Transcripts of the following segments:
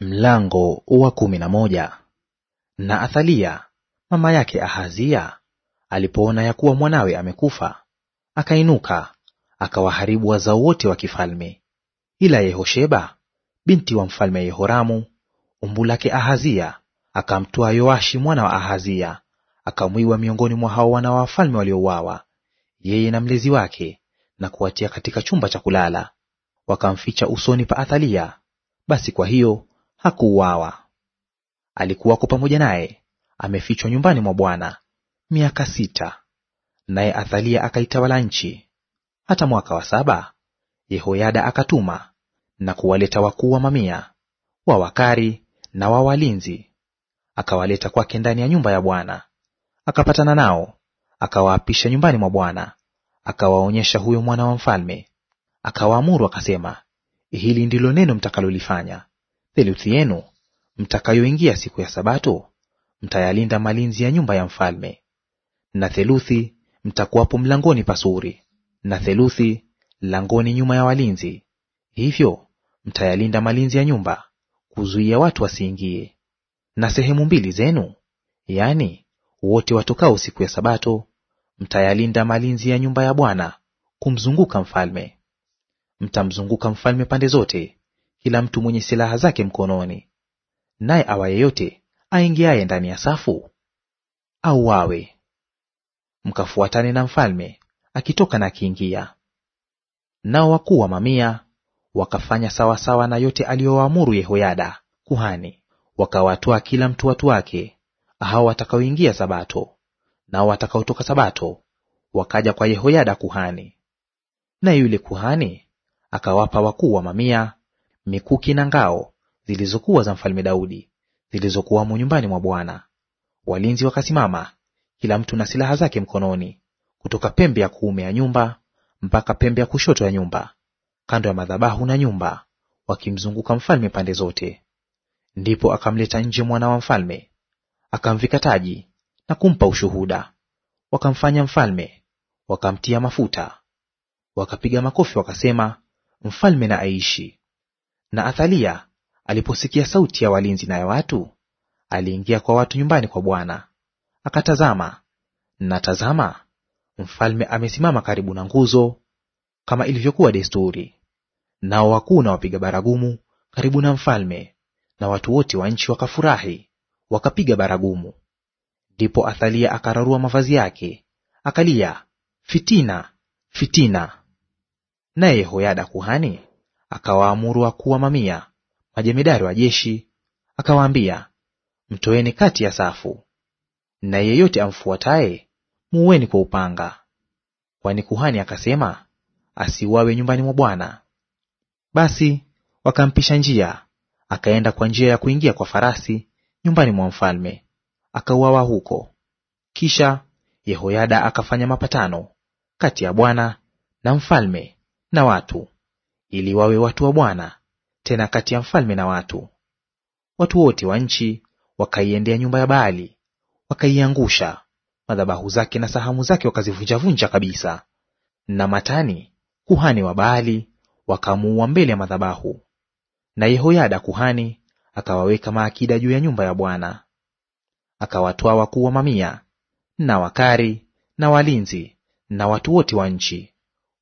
Mlango wa kumi na moja. Na Athalia mama yake Ahazia alipoona ya kuwa mwanawe amekufa, akainuka akawaharibu wazao wote wa kifalme. Ila Yehosheba binti wa mfalme Yehoramu umbu lake Ahazia akamtoa Yoashi mwana wa Ahazia akamwiwa miongoni mwa hao wana wa wafalme waliouawa, yeye na mlezi wake, na kuwatia katika chumba cha kulala, wakamficha usoni pa Athalia. Basi kwa hiyo hakuuawa. Alikuwako pamoja naye amefichwa nyumbani mwa Bwana miaka sita. Naye Athalia akaitawala nchi. Hata mwaka wa saba Yehoyada akatuma na kuwaleta wakuu wa mamia wa wakari na wa walinzi, akawaleta kwake ndani ya nyumba ya Bwana. Akapatana nao, akawaapisha nyumbani mwa Bwana, akawaonyesha huyo mwana wa mfalme. Akawaamuru akasema, hili ndilo neno mtakalolifanya theluthi yenu mtakayoingia siku ya Sabato mtayalinda malinzi ya nyumba ya mfalme, na theluthi mtakuwapo mlangoni pasuri, na theluthi langoni nyuma ya walinzi. Hivyo mtayalinda malinzi ya nyumba kuzuia watu wasiingie. Na sehemu mbili zenu, yaani wote watokao siku ya Sabato, mtayalinda malinzi ya nyumba ya Bwana kumzunguka mfalme. Mtamzunguka mfalme pande zote kila mtu mwenye silaha zake mkononi. Naye awa yeyote aingiaye ndani ya safu au wawe Mkafuatane na mfalme akitoka na akiingia. Nao wakuu wa mamia wakafanya sawasawa na yote aliyowaamuru Yehoyada kuhani, wakawatoa kila mtu watu wake, hao watakaoingia Sabato nao watakaotoka Sabato, wakaja kwa Yehoyada kuhani. Na yule kuhani akawapa wakuu wa mamia mikuki na ngao zilizokuwa za mfalme Daudi zilizokuwamo nyumbani mwa Bwana. Walinzi wakasimama kila mtu na silaha zake mkononi, kutoka pembe ya kuume ya nyumba mpaka pembe ya kushoto ya nyumba, kando ya madhabahu na nyumba, wakimzunguka mfalme pande zote. Ndipo akamleta nje mwana wa mfalme, akamvika taji na kumpa ushuhuda. Wakamfanya mfalme, wakamtia mafuta, wakapiga makofi, wakasema, mfalme na aishi. Na Athalia aliposikia sauti ya walinzi na ya watu, aliingia kwa watu nyumbani kwa Bwana. Akatazama, na tazama, mfalme amesimama karibu na nguzo kama ilivyokuwa desturi, nao wakuu na wapiga baragumu karibu na mfalme, na watu wote wa nchi wakafurahi, wakapiga baragumu. Ndipo Athalia akararua mavazi yake, akalia, Fitina, fitina! Naye Yehoyada kuhani akawaamuru wakuu wa mamia, majemadari wa jeshi, akawaambia, mtoeni kati ya safu, na yeyote amfuataye muueni kwa upanga, kwani kuhani akasema, asiuawe nyumbani mwa Bwana. Basi wakampisha njia, akaenda kwa njia ya kuingia kwa farasi nyumbani mwa mfalme, akauawa huko. Kisha Yehoyada akafanya mapatano kati ya Bwana na mfalme na watu ili wawe watu wa Bwana, tena kati ya mfalme na watu. Watu wote wa nchi wakaiendea nyumba ya Baali, wakaiangusha madhabahu zake na sahamu zake wakazivunjavunja kabisa, na Matani kuhani wa Baali wakamuua mbele ya madhabahu, na Yehoyada kuhani akawaweka maakida juu ya nyumba ya Bwana. akawatoa wakuu wa mamia na wakari na walinzi na watu wote wa nchi,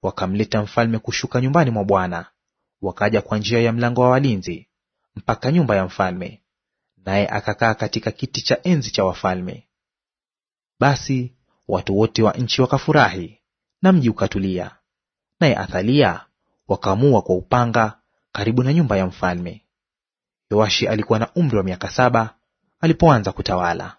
wakamleta mfalme kushuka nyumbani mwa Bwana, wakaja kwa njia ya mlango wa walinzi mpaka nyumba ya mfalme, naye akakaa katika kiti cha enzi cha wafalme. Basi watu wote wa nchi wakafurahi, na mji ukatulia. Naye Athalia wakamua kwa upanga karibu na nyumba ya mfalme. Yoashi alikuwa na umri wa miaka saba alipoanza kutawala.